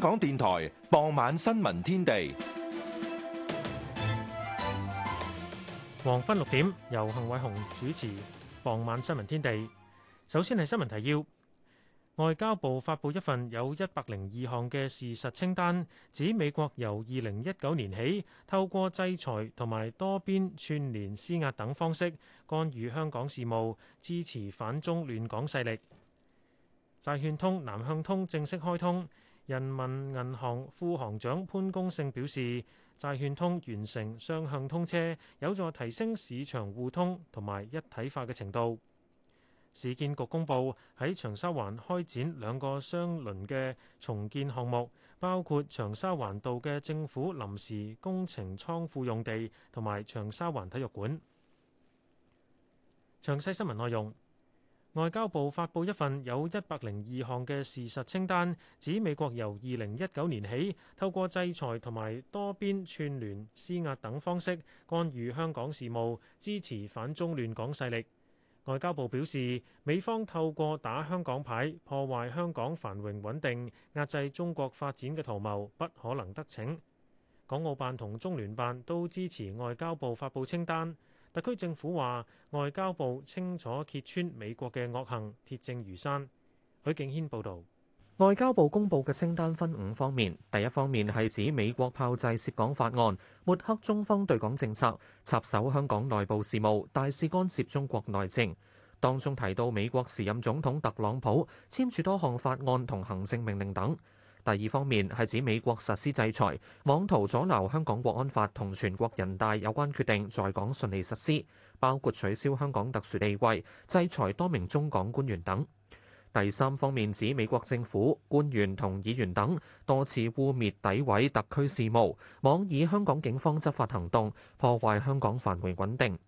香港電台傍晚新聞天地，黃昏六點由幸偉雄主持。傍晚新聞天地，首先係新聞提要。外交部發佈一份有一百零二項嘅事實清單，指美國由二零一九年起透過制裁同埋多邊串連施壓等方式干預香港事務，支持反中亂港勢力。債券通南向通正式開通。人民銀行副行長潘功勝表示，債券通完成雙向通車，有助提升市場互通同埋一體化嘅程度。市建局公布喺長沙灣開展兩個雙輪嘅重建項目，包括長沙灣道嘅政府臨時工程倉庫用地同埋長沙灣體育館。詳細新聞內容。外交部發佈一份有一百零二項嘅事實清單，指美國由二零一九年起，透過制裁同埋多邊串聯施壓等方式，干預香港事務，支持反中亂港勢力。外交部表示，美方透過打香港牌，破壞香港繁榮穩定，壓制中國發展嘅圖謀，不可能得逞。港澳辦同中聯辦都支持外交部發佈清單。特區政府話，外交部清楚揭穿美國嘅惡行，鐵證如山。許敬軒報導，外交部公布嘅清單分五方面，第一方面係指美國炮製涉港法案，抹黑中方對港政策，插手香港內部事務，大肆干涉中國內政。當中提到美國時任總統特朗普簽署多項法案同行政命令等。第二方面係指美國實施制裁，妄圖阻，阻撓香港國安法同全國人大有關決定在港順利實施，包括取消香港特殊地位、制裁多名中港官員等。第三方面指美國政府官員同議員等多次污蔑、詆毀特區事務，妄議香港警方執法行動，破壞香港繁榮穩定。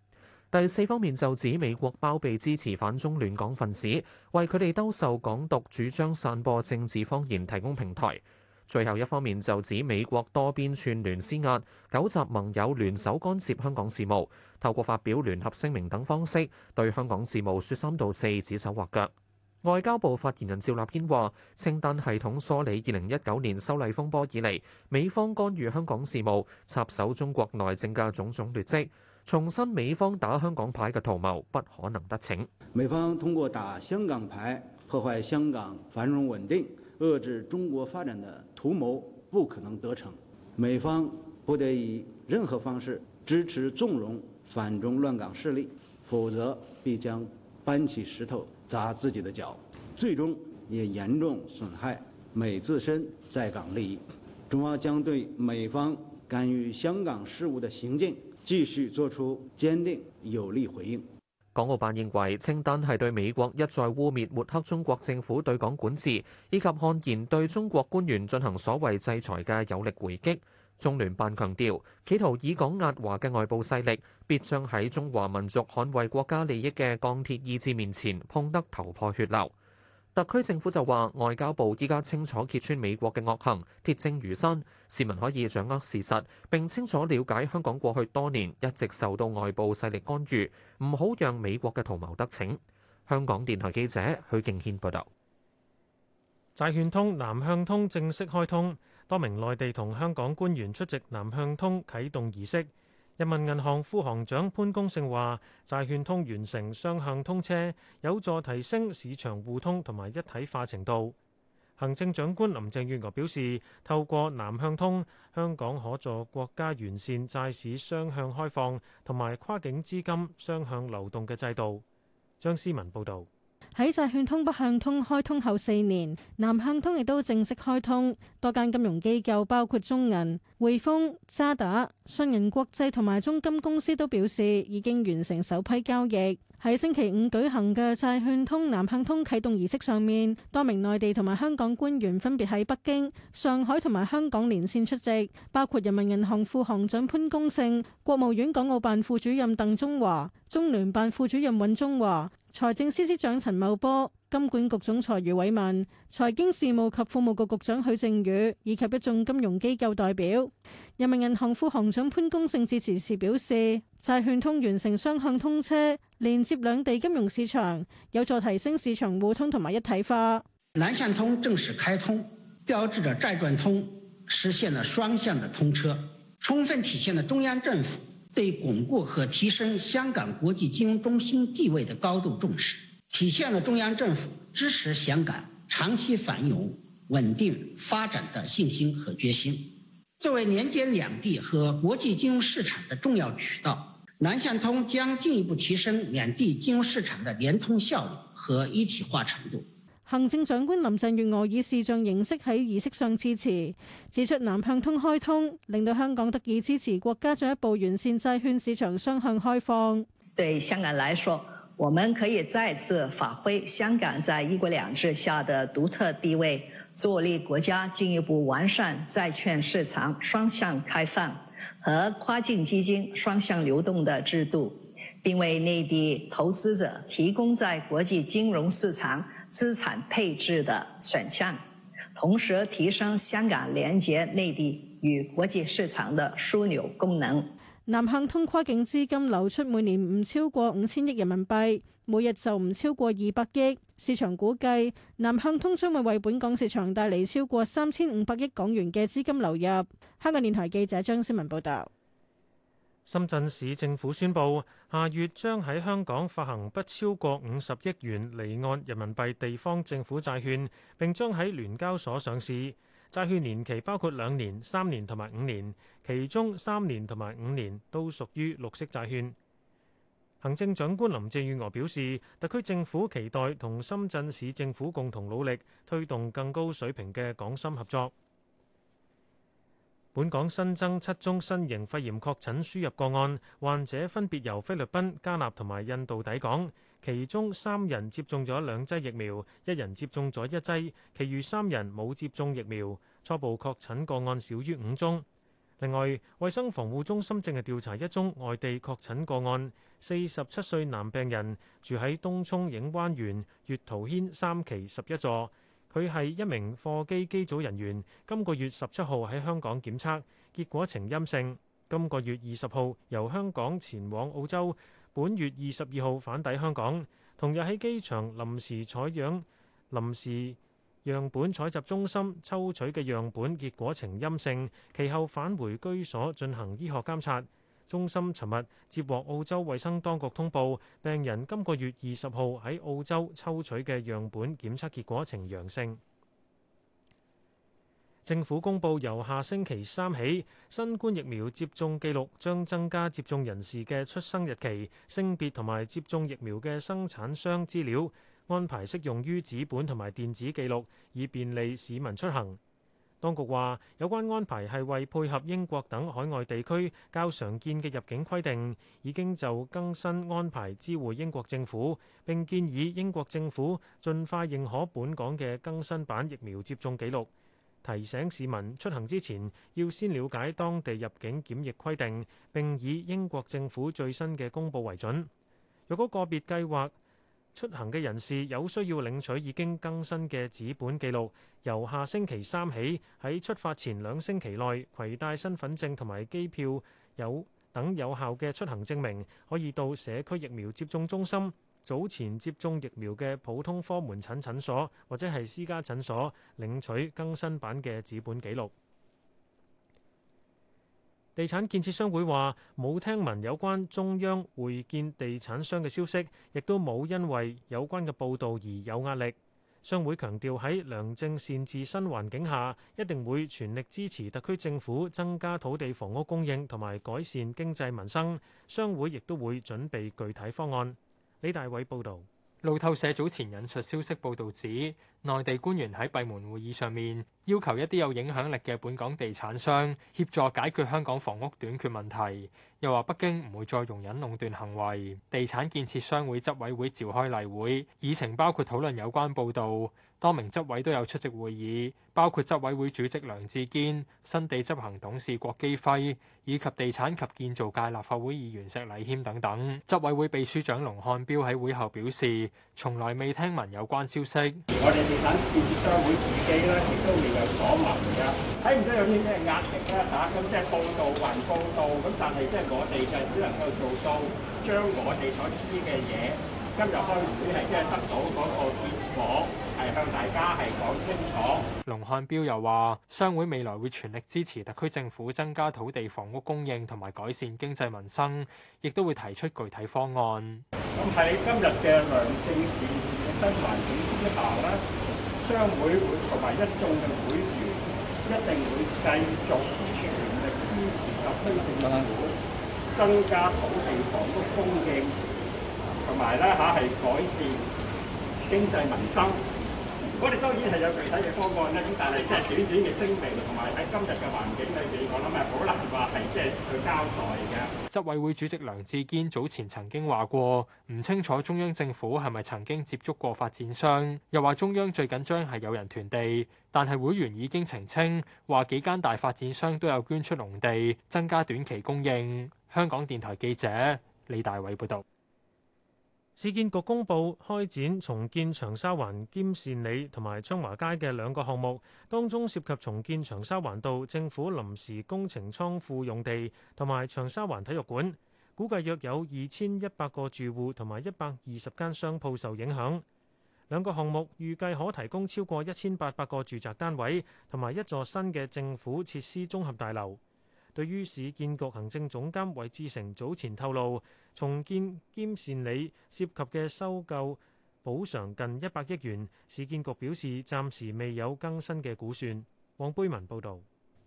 第四方面就指美國包庇支持反中亂港分子，為佢哋兜售港獨主張散播政治謊言提供平台。最後一方面就指美國多邊串聯施壓，糾集盟友聯手干涉香港事務，透過發表聯合聲明等方式對香港事務說三道四、指手畫腳。外交部發言人趙立堅話，清單系統梳理二零一九年修例風波以嚟，美方干預香港事務插手中國內政嘅種種劣跡。重申美方打香港牌嘅圖謀不可能得逞。美方通過打香港牌破壞香港繁榮穩定、遏制中國發展的圖謀不可能得逞。美方不得以任何方式支持縱容反中亂港勢力，否則必將搬起石頭砸自己的腳，最終也嚴重損害美自身在港利益。中方將對美方干預香港事務的行徑，繼續作出堅定有力回應。港澳辦認為，清單係對美國一再污蔑抹黑中國政府對港管治，以及悍然對中國官員進行所謂制裁嘅有力回擊。中聯辦強調，企圖以港壓華嘅外部勢力，必將喺中華民族捍衛國家利益嘅鋼鐵意志面前，碰得頭破血流。特區政府就話，外交部依家清楚揭穿美國嘅惡行，鐵證如山，市民可以掌握事實，並清楚了解香港過去多年一直受到外部勢力干預，唔好讓美國嘅圖謀得逞。香港電台記者許敬軒報導。債券通南向通正式開通，多名內地同香港官員出席南向通啟動儀式。人民銀行副行長潘功勝話：債券通完成雙向通車，有助提升市場互通同埋一體化程度。行政長官林鄭月娥表示，透過南向通，香港可助國家完善債市雙向開放同埋跨境資金雙向流動嘅制度。張思文報導。喺債券通北向通開通後四年，南向通亦都正式開通。多間金融機構包括中銀、匯豐、渣打、信銀國際同埋中金公司都表示已經完成首批交易。喺星期五舉行嘅債券通南向通啟動儀式上面，多名內地同埋香港官員分別喺北京、上海同埋香港連線出席，包括人民銀行副行長潘功勝、國務院港澳辦副主任鄧中華、中聯辦副主任尹中華。財政司司長陳茂波、金管局總裁余偉文、財經事務及庫務局局長許正宇以及一眾金融機構代表，人民銀行副行長潘功勝致辭時表示：債券通完成雙向通車，連接兩地金融市場，有助提升市場互通同埋一體化。南向通正式開通，標誌着債券通實現了雙向的通車，充分體現了中央政府。對鞏固和提升香港國際金融中心地位的高度重視，體現了中央政府支持香港長期繁榮穩定發展的信心和決心。作為連接兩地和國際金融市場的重要渠道，南向通將進一步提升兩地金融市場的聯通效率和一體化程度。行政長官林鄭月娥以視像形式喺儀式上支持，指出南向通開通令到香港得以支持國家進一步完善債券市場雙向開放。對香港來說，我們可以再次發揮香港在一國兩制下的獨特地位，助力國家進一步完善債券市場雙向開放和跨境基金雙向流動的制度，並為內地投資者提供在國際金融市場。資產配置的選項，同時提升香港連接內地與國際市場的樞紐功能。南向通跨境資金流出每年唔超過五千億人民幣，每日就唔超過二百億。市場估計，南向通將會為本港市場帶嚟超過三千五百億港元嘅資金流入。香港電台記者張思文報道。深圳市政府宣布。下月將喺香港發行不超過五十億元離岸人民幣地方政府債券，並將喺聯交所上市。債券年期包括兩年、三年同埋五年，其中三年同埋五年都屬於綠色債券。行政長官林鄭月娥表示，特區政府期待同深圳市政府共同努力，推動更高水平嘅港深合作。本港新增七宗新型肺炎確診輸入個案，患者分別由菲律賓、加納同埋印度抵港，其中三人接種咗兩劑疫苗，一人接種咗一劑，其餘三人冇接種疫苗。初步確診個案少於五宗。另外，衛生防護中心正係調查一宗外地確診個案，四十七歲男病人住喺東涌映灣園月桃軒三期十一座。佢係一名貨機機組人員，今個月十七號喺香港檢測，結果呈陰性。今個月二十號由香港前往澳洲，本月二十二號返抵香港，同日喺機場臨時採樣、臨時樣本採集中心抽取嘅樣本，結果呈陰性，其後返回居所進行醫學監察。中心尋日接獲澳洲衛生當局通報，病人今個月二十號喺澳洲抽取嘅樣本檢測結果呈陽性。政府公布由下星期三起，新冠疫苗接種記錄將增加接種人士嘅出生日期、性別同埋接種疫苗嘅生產商資料，安排適用於紙本同埋電子記錄，以便利市民出行。當局話，有關安排係為配合英國等海外地區較常見嘅入境規定，已經就更新安排知會英國政府，並建議英國政府盡快認可本港嘅更新版疫苗接種記錄。提醒市民出行之前要先了解當地入境檢疫規定，並以英國政府最新嘅公佈為準。如果個別計劃，出行嘅人士有需要領取已經更新嘅紙本記錄，由下星期三起喺出發前兩星期內攜帶身份證同埋機票有等有效嘅出行證明，可以到社區疫苗接種中心、早前接種疫苗嘅普通科門診診所或者係私家診所領取更新版嘅紙本記錄。地產建設商會話：冇聽聞有關中央會見地產商嘅消息，亦都冇因為有關嘅報道而有壓力。商會強調喺良政善治新環境下，一定會全力支持特區政府增加土地房屋供應同埋改善經濟民生。商會亦都會準備具體方案。李大偉報道。路透社早前引述消息報道指，內地官員喺閉門會議上面要求一啲有影響力嘅本港地產商協助解決香港房屋短缺問題，又話北京唔會再容忍壟斷行為。地產建設商會執委會召開例會，議程包括討論有關報導，多名執委都有出席會議，包括執委會主席梁志堅、新地執行董事郭基輝以及地產及建造界立法會議員石禮謙等等。執委會秘書長龍漢標喺會後表示，從來未聽聞有關消息。 等業業商會自己咧，亦都未有所聞噶。睇唔到有啲咩壓力咧，吓、啊，咁即係報導還報道，咁但係即係我哋就係只能夠做到將我哋所知嘅嘢，今日開會，係即係得到嗰個結果，係向大家係講清楚。龍漢標又話，商會未來會全力支持特區政府增加土地房屋供應同埋改善經濟民生，亦都會提出具體方案。咁喺今日嘅兩證市。新環境之下咧，商會會同埋一眾嘅會員一定會繼續全力支持特區政府增加土地房屋供應，同埋咧嚇係改善經濟民生。我哋當然係有具體嘅方案啦，咁但係即係短短嘅聲明同埋喺今日嘅環境裏面，我諗係好難話係即係去交代嘅。執委會主席梁志堅早前曾經話過，唔清楚中央政府係咪曾經接觸過發展商，又話中央最緊張係有人囤地，但係會員已經澄清話幾間大發展商都有捐出農地，增加短期供應。香港電台記者李大偉報導。市建局公布，開展重建長沙灣、兼善里同埋昌華街嘅兩個項目，當中涉及重建長沙灣道，政府臨時工程倉庫用地同埋長沙灣體育館，估計約有二千一百個住戶同埋一百二十間商鋪受影響。兩個項目預計可提供超過一千八百個住宅單位，同埋一座新嘅政府設施綜合大樓。對於市建局行政總監韋志成早前透露，重建兼善里涉及嘅收購補償近一百億元，市建局表示暫時未有更新嘅估算。黃貝文報道，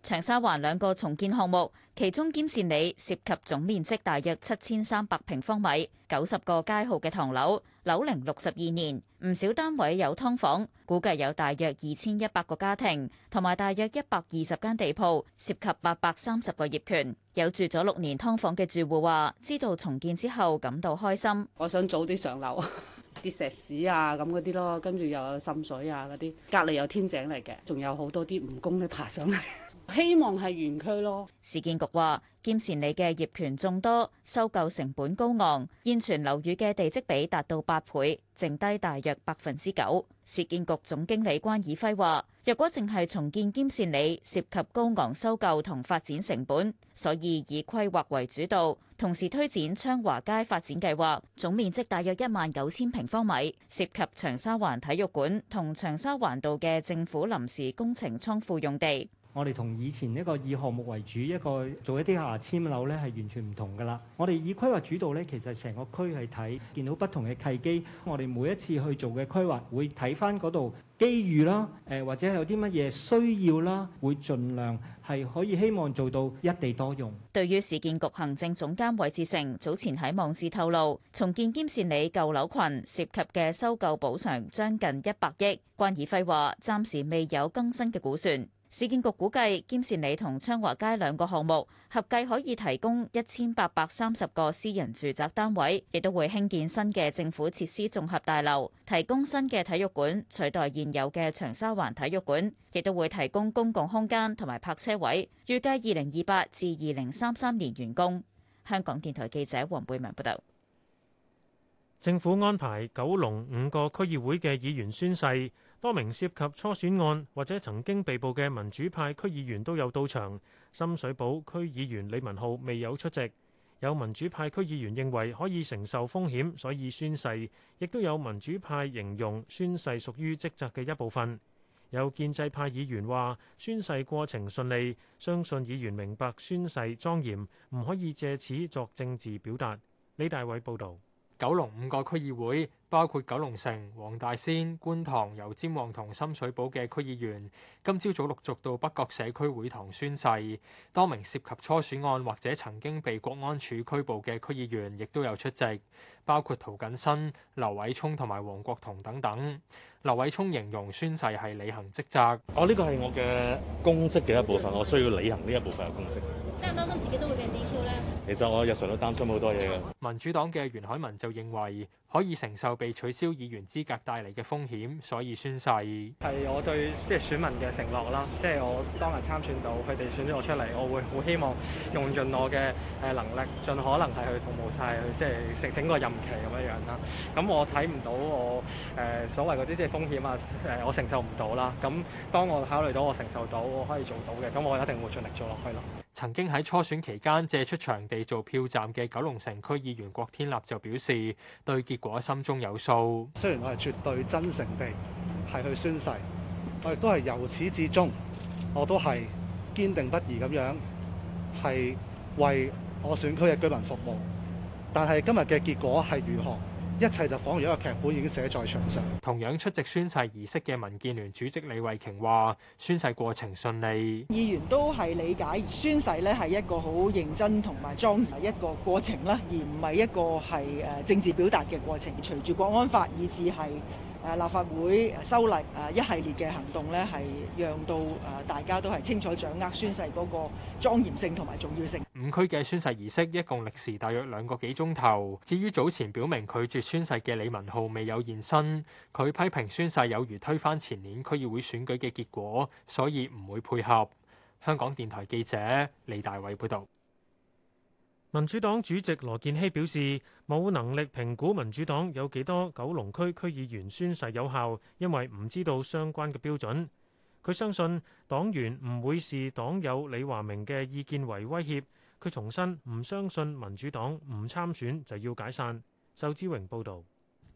長沙灣兩個重建項目，其中兼善里涉及總面積大約七千三百平方米，九十個街號嘅唐樓。樓齡六十二年，唔少單位有劏房，估計有大約二千一百個家庭，同埋大約一百二十間地鋪，涉及八百三十個業權。有住咗六年劏房嘅住戶話，知道重建之後感到開心。我想早啲上樓，啲 石屎啊咁嗰啲咯，跟住又有滲水啊嗰啲，隔籬有天井嚟嘅，仲有好多啲蜈蚣咧爬上嚟。 希望係園區咯。市建局話：兼善里嘅業權眾多，收購成本高昂，現存樓宇嘅地積比達到八倍，剩低大約百分之九。市建局總經理關以輝話：若果淨係重建兼善里，涉及高昂收購同發展成本，所以以規劃為主導，同時推展昌華街發展計劃，總面積大約一萬九千平方米，涉及長沙灣體育館同長沙灣道嘅政府臨時工程倉庫用地。我哋同以前一個以項目為主，一個做一啲牙籤樓咧，係完全唔同噶啦。我哋以規劃主導咧，其實成個區係睇見到不同嘅契機。我哋每一次去做嘅規劃，會睇翻嗰度機遇啦，誒或者有啲乜嘢需要啦，會盡量係可以希望做到一地多用。對於市建局行政總監韋志成早前喺網誌透露，重建兼善里舊樓群涉及嘅收購補償將近一百億。關爾輝話：暫時未有更新嘅估算。市建局估計，兼善里同昌華街兩個項目合計可以提供一千八百三十個私人住宅單位，亦都會興建新嘅政府設施綜合大樓，提供新嘅體育館取代現有嘅長沙灣體育館，亦都會提供公共空間同埋泊車位。預計二零二八至二零三三年完工。香港電台記者黃貝文報道。政府安排九龍五個區議會嘅議員宣誓。多名涉及初選案或者曾經被捕嘅民主派區議員都有到場。深水埗區議員李文浩未有出席。有民主派區議員認為可以承受風險，所以宣誓。亦都有民主派形容宣誓屬於職責嘅一部分。有建制派議員話宣誓過程順利，相信議員明白宣誓莊嚴，唔可以借此作政治表達，李大偉報道。九龍五個區議會，包括九龍城、黃大仙、觀塘、油尖旺同深水埗嘅區議員，今朝早陸續到北角社區會堂宣誓。多名涉及初選案或者曾經被國安處拘捕嘅區議員，亦都有出席，包括塗謹申、劉偉聰同埋黃國桐等等。劉偉聰形容宣誓係履行職責。哦，呢個係我嘅公職嘅一部分，我需要履行呢一部分嘅公職。擔心自己都會俾人。其實我日常都擔心好多嘢嘅。民主黨嘅袁海文就認為可以承受被取消議員資格帶嚟嘅風險，所以宣誓係我對即係選民嘅承諾啦，即係我當日參選到，佢哋選咗我出嚟，我會好希望用盡我嘅誒能力，盡可能係去服務晒，即係整個任期咁樣樣啦。咁我睇唔到我誒所謂嗰啲即係風險啊，誒我承受唔到啦。咁當我考慮到我承受到，我可以做到嘅，咁我一定會盡力做落去咯。曾經喺初選期間借出場地做票站嘅九龍城區議員郭天立就表示，對結果心中有數。雖然我係絕對真誠地係去宣誓，我亦都係由始至終，我都係堅定不移咁樣係為我選區嘅居民服務，但係今日嘅結果係如何？一切就仿如一個劇本已經寫在牆上。同樣出席宣誓儀式嘅民建聯主席李慧瓊話：宣誓過程順利，議員都係理解宣誓咧係一個好認真同埋莊嚴一個過程啦，而唔係一個係誒政治表達嘅過程。隨住《國安法》以至係誒立法會修例誒一系列嘅行動咧，係讓到誒大家都係清楚掌握宣誓個莊嚴性同埋重要性。五區嘅宣誓儀式一共歷時大約兩個幾鐘頭。至於早前表明拒絕宣誓嘅李文浩未有現身，佢批評宣誓有如推翻前年區議會選舉嘅結果，所以唔會配合。香港電台記者李大偉報道。民主黨主席羅健熙表示，冇能力評估民主黨有幾多九龍區區議員宣誓有效，因為唔知道相關嘅標準。佢相信黨員唔會視黨友李華明嘅意見為威脅。佢重申唔相信民主黨唔參選就要解散。周之榮報道。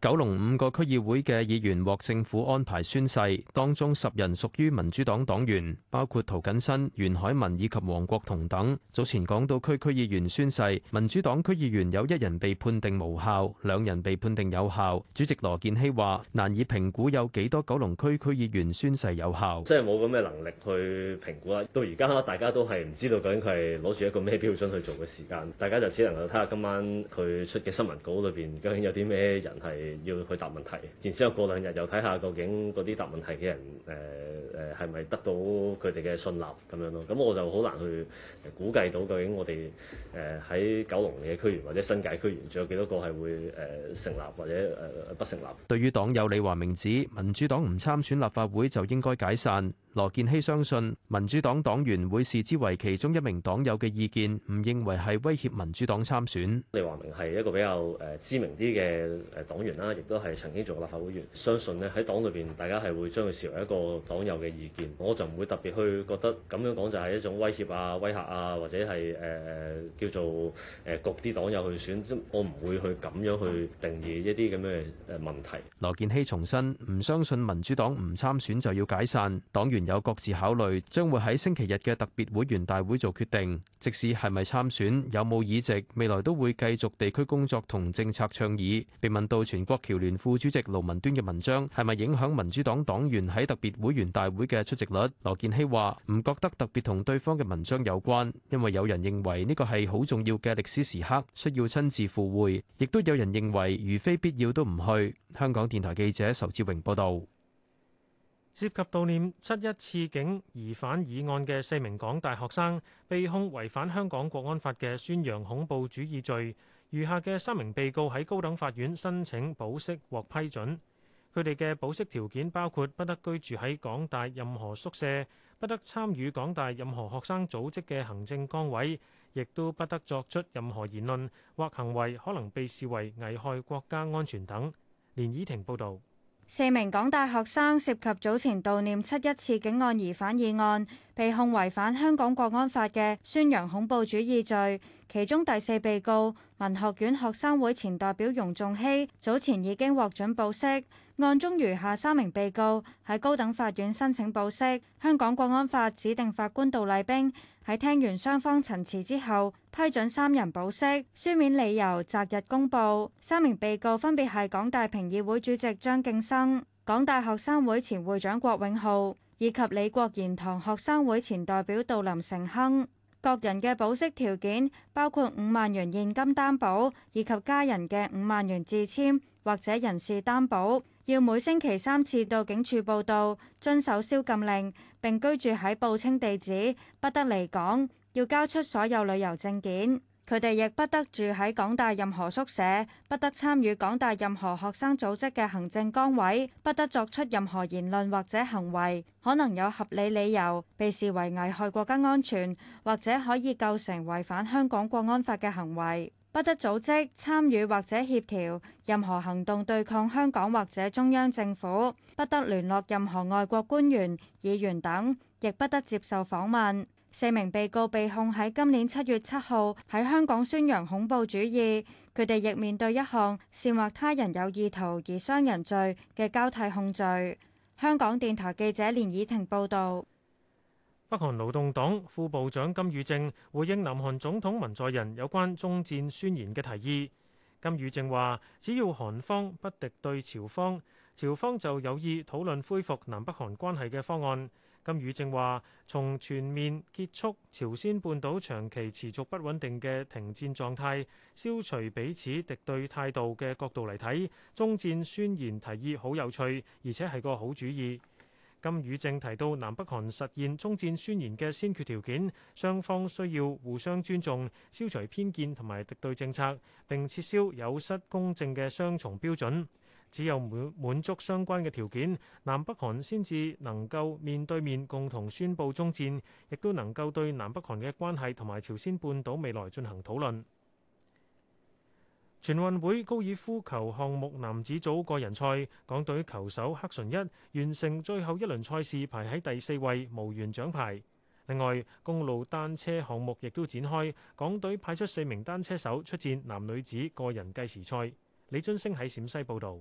九龍五個區議會嘅議員獲政府安排宣誓，當中十人屬於民主黨黨員，包括涂謹申、袁海文以及黃國同等。早前港島區區議員宣誓，民主黨區議員有一人被判定無效，兩人被判定有效。主席羅健熙話：難以評估有幾多九龍區區議員宣誓有效，即係冇咁嘅能力去評估啦。到而家大家都係唔知道究竟佢係攞住一個咩標準去做嘅時間，大家就只能夠睇下今晚佢出嘅新聞稿裏邊究竟有啲咩人係。要去答問題，然之後過兩日又睇下究竟嗰啲答問題嘅人，誒誒係咪得到佢哋嘅信納咁樣咯？咁我就好難去估計到究竟我哋誒喺九龍嘅區員或者新界區員，仲有幾多個係會誒成立或者誒不成立？對於黨友李華明指，民主黨唔參選立法會，就應該解散。羅健熙相信民主黨黨員會視之為其中一名黨友嘅意見，唔認為係威脅民主黨參選。李華明係一個比較誒知名啲嘅誒黨員啦，亦都係曾經做過立法會議員。相信呢喺黨裏邊，大家係會將佢視為一個黨友嘅意見，我就唔會特別去覺得咁樣講就係一種威脅啊、威嚇啊，或者係誒、呃、叫做誒焗啲黨友去選，我唔會去咁樣去定義一啲咁嘅誒問題。羅健熙重申，唔相信民主黨唔參選就要解散黨員。有各自考慮，將會喺星期日嘅特別會員大會做決定。即使係咪參選，有冇議席，未來都會繼續地區工作同政策倡議。被問到全國僑聯副主席盧文端嘅文章係咪影響民主黨黨員喺特別會員大會嘅出席率，羅健熙話唔覺得特別同對方嘅文章有關，因為有人認為呢個係好重要嘅歷史時刻，需要親自赴會；亦都有人認為如非必要都唔去。香港電台記者仇志榮報道。涉及悼念七一刺警疑犯一案嘅四名港大學生，被控違反香港國安法嘅宣揚恐怖主義罪。餘下嘅三名被告喺高等法院申請保釋獲批准。佢哋嘅保釋條件包括不得居住喺港大任何宿舍，不得參與港大任何學生組織嘅行政崗位，亦都不得作出任何言論或行為可能被視為危害國家安全等。連綺婷報道。四名港大學生涉及早前悼念七一刺警案疑犯議案，被控違反香港國安法嘅宣揚恐怖主義罪。其中第四被告文學院學生會前代表容仲熙，早前已經獲准保釋，案中餘下三名被告喺高等法院申請保釋。香港國安法指定法官杜麗冰喺聽完雙方陳詞之後批准三人保釋，書面理由擇日公布。三名被告分別係港大評議會主席張敬生、港大學生會前會長郭永浩以及李國賢堂學生會前代表杜林成亨。各人嘅保釋條件包括五萬元現金擔保，以及家人嘅五萬元自簽或者人事擔保。要每星期三次到警署報到，遵守宵禁令，並居住喺報稱地址，不得離港，要交出所有旅遊證件。佢哋亦不得住喺港大任何宿舍，不得參與港大任何學生組織嘅行政崗位，不得作出任何言論或者行為，可能有合理理由被視為危害國家安全，或者可以構成違反香港國安法嘅行為，不得組織、參與或者協調任何行動對抗香港或者中央政府，不得聯絡任何外國官員、議員等，亦不得接受訪問。四名被告被控喺今年七月七號喺香港宣揚恐怖主義，佢哋亦面對一項煽惑他人有意圖而傷人罪嘅交替控罪。香港電台記者連倚婷報道。北韓勞動黨副部長金與正回應南韓總統文在寅有關終戰宣言嘅提議，金與正話只要韓方不敵對朝方，朝方就有意討論恢復南北韓關係嘅方案。金與正話：從全面結束朝鮮半島長期持續不穩定嘅停戰狀態、消除彼此敵對態度嘅角度嚟睇，終戰宣言提議好有趣，而且係個好主意。金與正提到，南北韓實現終戰宣言嘅先決條件，雙方需要互相尊重、消除偏見同埋敵對政策，並撤銷有失公正嘅雙重標準。只有滿滿足相關嘅條件，南北韓先至能夠面對面共同宣布終戰，亦都能夠對南北韓嘅關係同埋朝鮮半島未來進行討論。全運會高爾夫球項目男子組個人賽，港隊球手黑純一完成最後一輪賽事，排喺第四位，無緣獎牌。另外，公路單車項目亦都展開，港隊派出四名單車手出戰男女子個人計時賽。李津星喺陝西報導。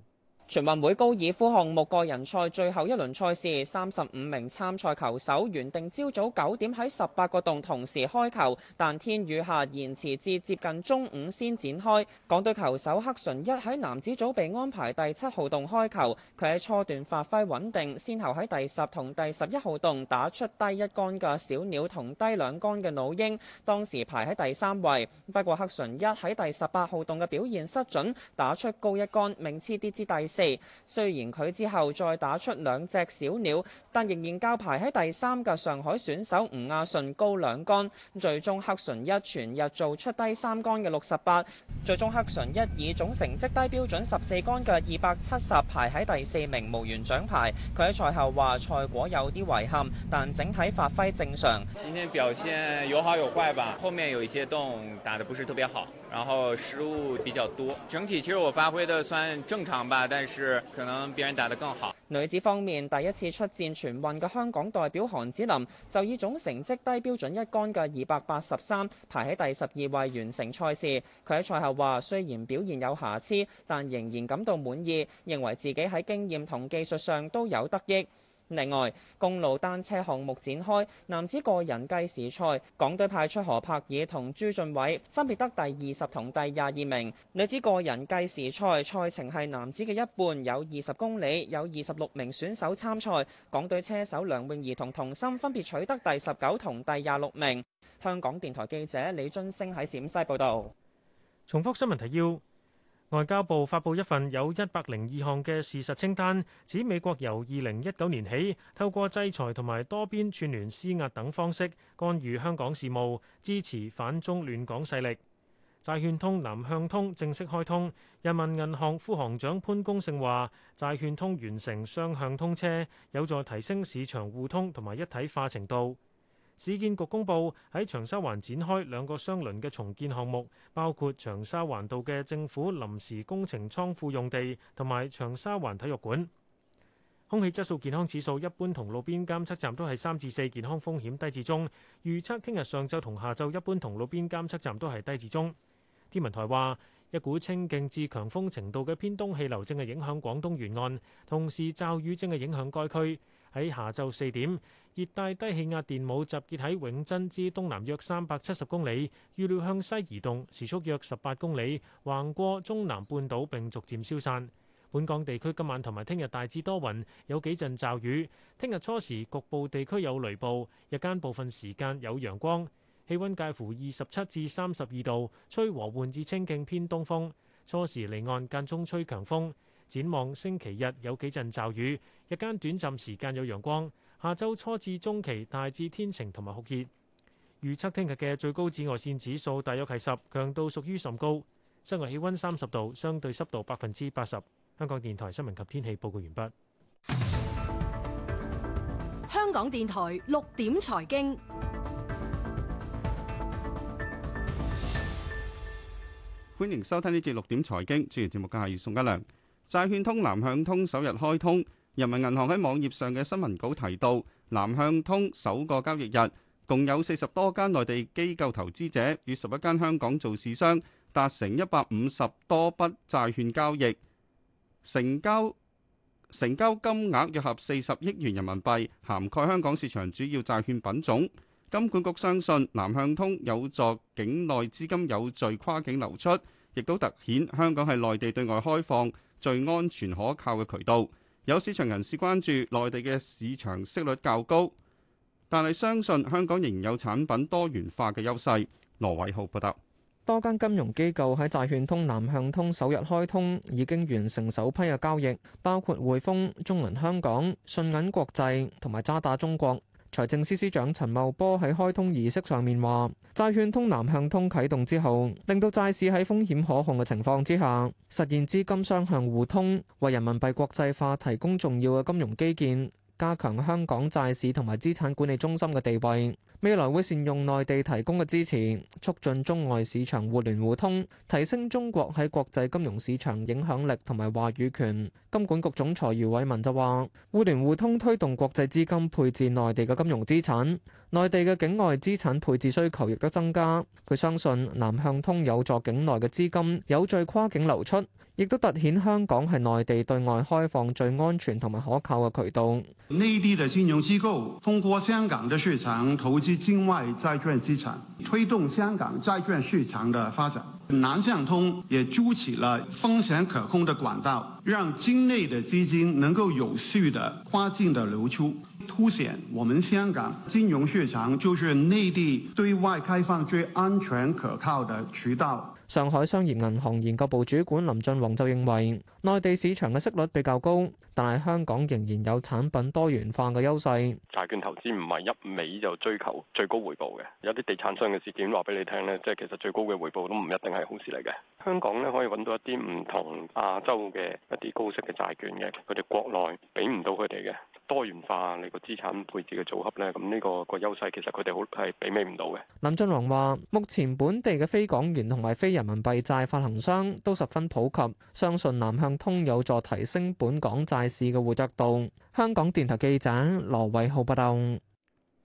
全運會高爾夫項目個人賽最後一輪賽事，三十五名參賽球手原定朝早九點喺十八個洞同時開球，但天雨下延遲至接近中午先展開。港隊球手黑純一喺男子組被安排第七號洞開球，佢喺初段發揮穩定，先後喺第十同第十一號洞打出低一杆嘅小鳥同低兩杆嘅老鷹，當時排喺第三位。不過黑純一喺第十八號洞嘅表現失準，打出高一杆，名次跌至第四。雖然佢之後再打出兩隻小鳥，但仍然較排喺第三嘅上海選手吳亞順高兩杆。最終黑純一全日做出低三杆嘅六十八，最終黑純一以總成績低標準十四杆嘅二百七十排喺第四名，無緣獎牌。佢喺賽後話：賽果有啲遺憾，但整體發揮正常。今天表現有好有壞吧，後面有一些洞打得不是特別好，然後失誤比較多，整體其實我發揮得算正常吧，但是可能別人打得更好。女子方面，第一次出戰全運嘅香港代表韓子琳就以總成績低標準一杆嘅二百八十三排喺第十二位完成賽事。佢喺賽後話，雖然表現有瑕疵，但仍然感到滿意，認為自己喺經驗同技術上都有得益。另外，公路單車項目展開，男子個人計時賽，港隊派出何柏爾同朱俊偉，分別得第二十同第二十二名。女子個人計時賽賽程係男子嘅一半，有二十公里，有二十六名選手參賽。港隊車手梁泳儀同童心分別取得第十九同第廿六名。香港電台記者李津升喺陝西報道。重複新聞提要。外交部發布一份有一百零二項嘅事實清單，指美國由二零一九年起透過制裁同埋多邊串聯施壓等方式，干預香港事務，支持反中亂港勢力。債券通南向通正式開通，人民銀行副行長潘功勝話，債券通完成雙向通車，有助提升市場互通同埋一體化程度。市建局公布喺長沙灣展開兩個相鄰嘅重建項目，包括長沙灣道嘅政府臨時工程倉庫用地同埋長沙灣體育館。空氣質素健康指數一般同路邊監測站都係三至四，健康風險低至中。預測聽日上晝同下晝一般同路邊監測站都係低至中。天文台話，一股清勁至強風程度嘅偏東氣流正係影響廣東沿岸，同時驟雨正係影響該區。喺下晝四點，熱帶低氣壓電母集結喺永珍之東南約三百七十公里，預料向西移動，時速約十八公里，橫過中南半島並逐漸消散。本港地區今晚同埋聽日大致多雲，有幾陣驟雨。聽日初時局部地區有雷暴，日間部分時間有陽光，氣温介乎二十七至三十二度，吹和緩至清勁偏東風，初時離岸間中吹強風。展望星期日有幾陣驟雨，日間短暫時間有陽光。下周初至中期大致天晴同埋酷熱。預測聽日嘅最高紫外線指數大約係十，強度屬於甚高。室外氣溫三十度，相對濕度百分之八十。香港電台新聞及天氣報告完畢。香港電台六點財經，歡迎收聽呢節六點財經，主持節目嘅係宋家良。債券通南向通首日開通，人民銀行喺網頁上嘅新聞稿提到，南向通首個交易日共有四十多間內地機構投資者與十一間香港做市商達成一百五十多筆債券交易，成交成交金額約合四十億元人民幣，涵蓋香港市場主要債券品種。金管局相信南向通有助境內資金有序跨境流出，亦都突顯香港係內地對外開放最安全可靠嘅渠道，有市場人士關注內地嘅市場息率較高，但係相信香港仍有產品多元化嘅優勢。羅偉浩報道，多間金融機構喺債券通南向通首日開通，已經完成首批嘅交易，包括匯豐、中銀香港、信銀國際同埋渣打中國。財政司司長陳茂波喺開通儀式上面話：債券通南向通啟動之後，令到債市喺風險可控嘅情況之下，實現資金雙向互通，為人民幣國際化提供重要嘅金融基建。加強香港債市同埋資產管理中心嘅地位，未來會善用內地提供嘅支持，促進中外市場互聯互通，提升中國喺國際金融市場影響力同埋話語權。金管局總裁余偉文就話：互聯互通推動國際資金配置內地嘅金融資產，內地嘅境外資產配置需求亦都增加。佢相信南向通有助境內嘅資金有序跨境流出。亦都突顯香港係內地對外開放最安全同埋可靠嘅渠道。內地嘅金融機構通過香港嘅市場投資境外債券資產，推動香港債券市場嘅發展。南向通也築起了風險可控嘅管道，讓境內嘅資金能夠有序的跨境的流出，突顯我們香港金融市場就是內地對外開放最安全可靠的渠道。上海商業銀行研究部主管林俊宏就認為，內地市場嘅息率比較高，但係香港仍然有產品多元化嘅優勢。債券投資唔係一味就追求最高回報嘅，有啲地產商嘅事件話俾你聽咧，即係其實最高嘅回報都唔一定係好事嚟嘅。香港咧可以揾到一啲唔同亞洲嘅一啲高息嘅債券嘅，佢哋國內俾唔到佢哋嘅。多元化你個資產配置嘅組合咧，咁呢個個優勢其實，佢哋好係媲美唔到嘅。林俊龍話，目前本地嘅非港元同埋非人民幣債發行商都十分普及，相信南向通有助提升本港債市嘅活躍度。香港電台記者羅偉浩報道。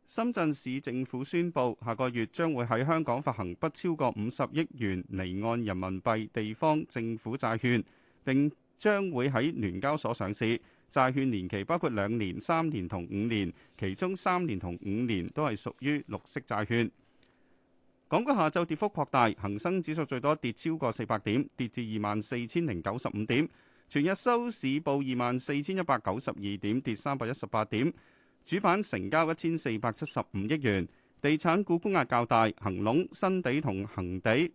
深圳市政府宣布，下個月將會喺香港發行不超過五十億元離岸人民幣地方政府債券，並將會喺聯交所上市。債券年期包括兩年、三年同五年，其中三年同五年都係屬於綠色債券。港股下晝跌幅擴大，恒生指數最多跌超過四百點，跌至二萬四千零九十五點，全日收市報二萬四千一百九十二點，跌三百一十八點。主板成交一千四百七十五億元，地產股沽壓較大，恒隆、新地同恒地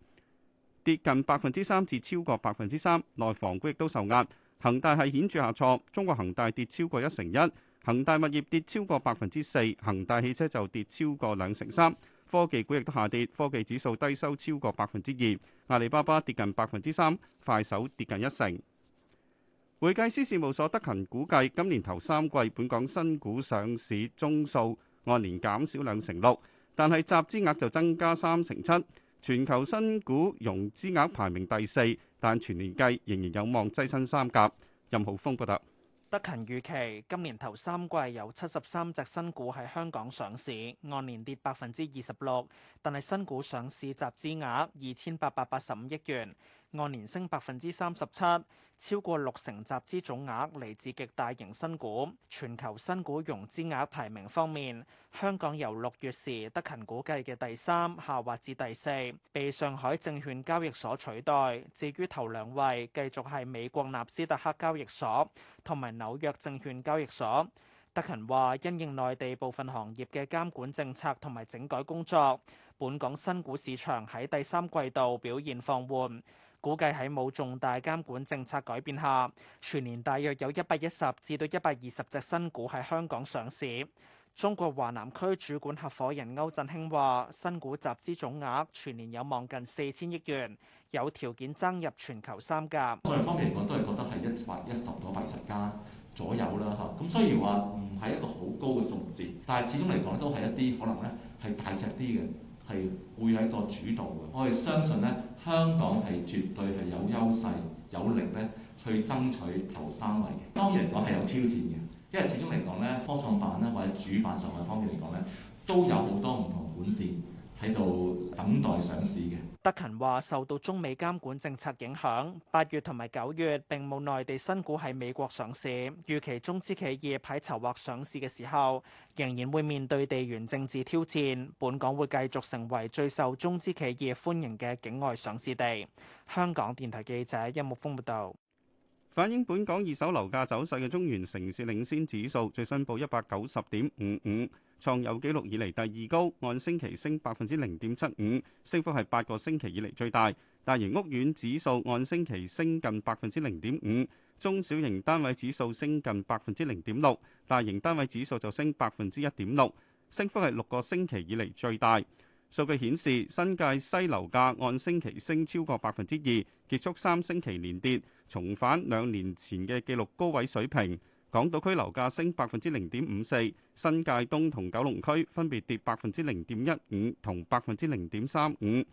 跌近百分之三至超過百分之三，內房股亦都受壓。恒大係顯著下挫，中國恒大跌超過一成一，恒大物業跌超過百分之四，恒大汽車就跌超過兩成三。科技股亦都下跌，科技指數低收超過百分之二，阿里巴巴跌近百分之三，快手跌近一成。會計師事務所德勤估計，今年頭三季本港新股上市宗數按年減少兩成六，但係集資額就增加三成七。全球新股融資額排名第四，但全年計仍然有望躋身三甲。任浩峰報道，德勤預期今年頭三季有七十三隻新股喺香港上市，按年跌百分之二十六，但係新股上市集資額二千八百八十五億元，按年升百分之三十七。超過六成集資總額嚟自極大型新股。全球新股融資額排名方面，香港由六月時德勤估計嘅第三下滑至第四，被上海證券交易所取代。至於頭兩位，繼續係美國納斯達克交易所同埋紐約證券交易所。德勤話，因應內地部分行業嘅監管政策同埋整改工作，本港新股市場喺第三季度表現放緩。估計喺冇重大監管政策改變下，全年大約有一百一十至到一百二十隻新股喺香港上市。中國華南區主管合伙人歐振興話，新股集資總額全年有望近四千億元，有條件增入全球三甲。數量方面嚟講，都係覺得係一百一十到八十家左右啦。嚇，咁雖然話唔係一個好高嘅數字，但係始終嚟講都係一啲可能咧係大隻啲嘅。係會係一個主導嘅，我哋相信咧，香港係絕對係有優勢、有力咧去爭取頭三位嘅。當然嚟講係有挑戰嘅，因為始終嚟講咧，科創板咧或者主板上嘅方面嚟講咧，都有好多唔同盤線。喺度等待上市嘅。德勤話受到中美監管政策影響，八月同埋九月並冇內地新股喺美國上市。預期中資企業喺籌劃上市嘅時候，仍然會面對地緣政治挑戰，本港會繼續成為最受中資企業歡迎嘅境外上市地。香港電台記者殷木峯報道。反映本港二手樓價走勢嘅中原城市領先指數最新報一百九十點五五，創有紀錄以嚟第二高，按星期升百分之零點七五，升幅係八個星期以嚟最大。大型屋苑指數按星期升近百分之零點五，中小型單位指數升近百分之零點六，大型單位指數就升百分之一點六，升幅係六個星期以嚟最大。數據顯示，新界西樓價按星期升超過百分之二，結束三星期連跌，重返兩年前嘅紀錄高位水平。港島區樓價升百分之零點五四，新界東同九龍區分別跌百分之零點一五同百分之零點三五。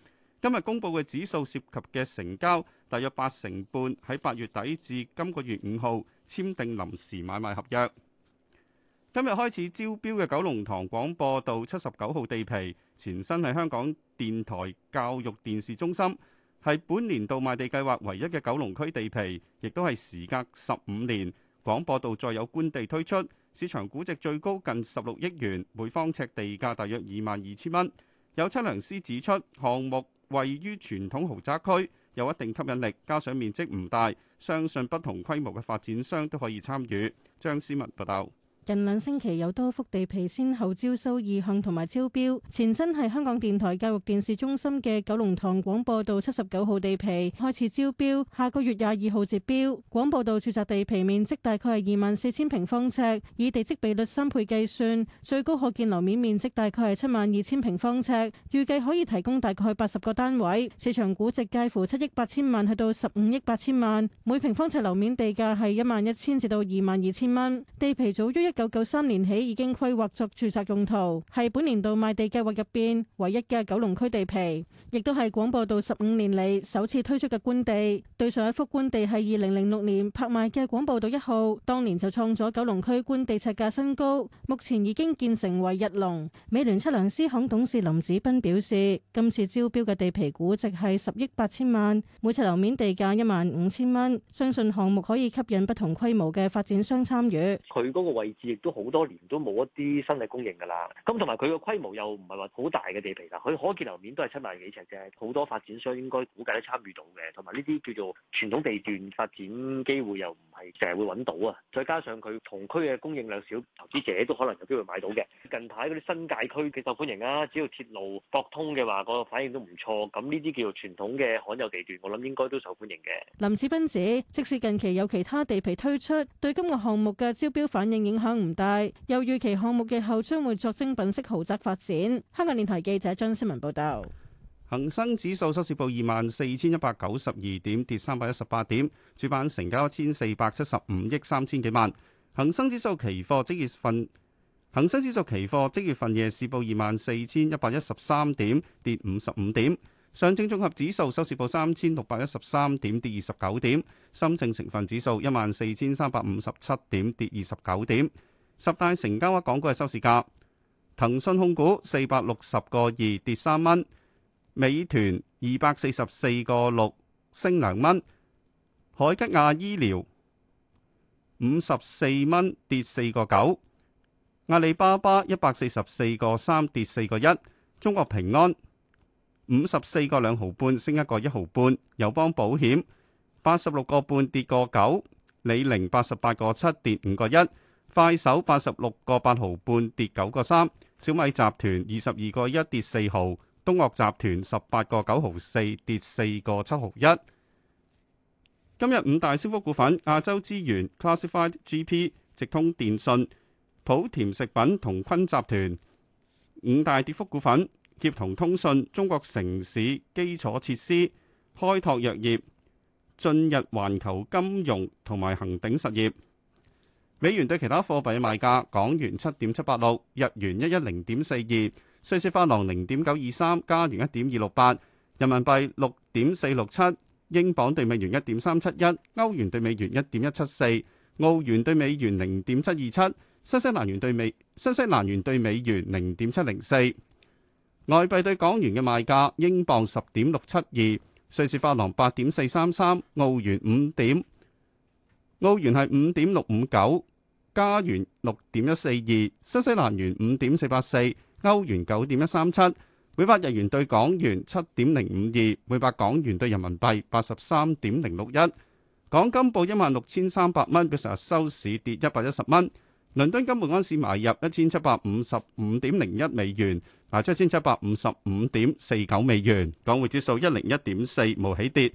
今日公布嘅指數涉及嘅成交大約八成半喺八月底至今個月五號簽訂臨時買賣合約。今日開始招標嘅九龍塘廣播道七十九號地皮，前身係香港電台教育電視中心，係本年度賣地計劃唯一嘅九龍區地皮，亦都係時隔十五年，廣播道再有官地推出。市場估值最高近十六億元，每方尺地價大約二萬二千蚊。有測量師指出，項目位於傳統豪宅區，有一定吸引力，加上面積唔大，相信不同規模嘅發展商都可以參與。張思文報道。近兩星期有多幅地皮先後招收意向同埋招標，前身係香港電台教育電視中心嘅九龍塘廣播道七十九號地皮開始招標，下個月廿二號截標。廣播道住宅地皮面積大概係二萬四千平方尺，以地積比率三倍計算，最高可建樓面面積大概係七萬二千平方尺，預計可以提供大概八十個單位，市場估值介乎七億八千萬去到十五億八千萬，每平方尺樓面地價係一萬一千至到二萬二千蚊。22, 000，地皮早於一1993年起已經規劃作住宅用途，係本年度賣地計劃入邊唯一嘅九龍區地皮，亦都係廣播道十五年嚟，首次推出嘅官地。對上一幅官地係二零零六年拍賣嘅廣播道一號，當年就創咗九龍區官地尺價新高，目前已經建成為日龍。美聯測量師行董事林子斌表示，今次招標嘅地皮估值係十億八千萬，每尺樓面地價一萬五千蚊，相信項目可以吸引不同規模嘅發展商參與。佢嗰個位置。亦都好多年都冇一啲新嘅供應噶啦，咁同埋佢個規模又唔係話好大嘅地皮啦，佢可建樓面都係七萬幾尺啫，好多發展商應該估計都參與到嘅，同埋呢啲叫做傳統地段發展機會又唔係成日會揾到啊，再加上佢同區嘅供應量少，投資者都可能有機會買到嘅。近排嗰啲新界區幾受歡迎啊，只要鐵路駁通嘅話，個反應都唔錯，咁呢啲叫做傳統嘅罕有地段，我諗應該都受歡迎嘅。林子斌指，即使近期有其他地皮推出，對今個項目嘅招標反應影響。唔大，又預期項目嘅後將會作精品式豪宅發展。香港電台記者張新文報道。恒生指數收市報二萬四千一百九十二點，跌三百一十八點。主板成交一千四百七十五億三千幾萬。恒生指數期貨即月份，恒生指數期貨即月份夜市報二萬四千一百一十三點，跌五十五點。上證綜合指數收市報三千六百一十三點，跌二十九點。深證成分指數一萬四千三百五十七點，跌二十九點。十大成交額港股嘅收市價：騰訊控股四百六十個二，跌三蚊；美團二百四十四個六，升兩蚊；海吉亞醫療五十四蚊，跌四個九；阿里巴巴一百四十四個三，跌四個一；中國平安，五十四個兩毫半升一個一毫半，友邦保險八十六個半跌個九，李寧八十八個七跌五個一，快手八十六個八毫半跌九個三，小米集團二十二個一跌四毫，東嶽集團十八個九毫四跌四個七毫一。今日五大升幅股份：亞洲資源、Classified GP、直通電訊、普田食品同坤集團。五大跌幅股份。協同通訊、中國城市基礎設施開拓藥業、進入環球金融同埋恒鼎實業。美元對其他貨幣嘅賣價：港元七點七八六，日元一一零點四二，瑞士法郎零點九二三，加元一點二六八，人民幣六點四六七，英鎊兌美元一點三七一，歐元兌美元一點一七四，澳元兌美元零點七二七，新西蘭元兌美新西蘭元兌美元零點七零四。外幣對港元嘅賣價：英鎊十點六七二，瑞士法郎八點四三三，澳元五點，澳元係五點六五九，加元六點一四二，新西蘭元五點四八四，歐元九點一三七，每百日元對港元七點零五二，每百港元對人民幣八十三點零六一。港金報一萬六千三百蚊，今日收市跌一百一十蚊。倫敦金每盎司買入一千七百五十五點零一美元，賣出一千七百五十五點四九美元。港匯指數一零一點四，無起跌。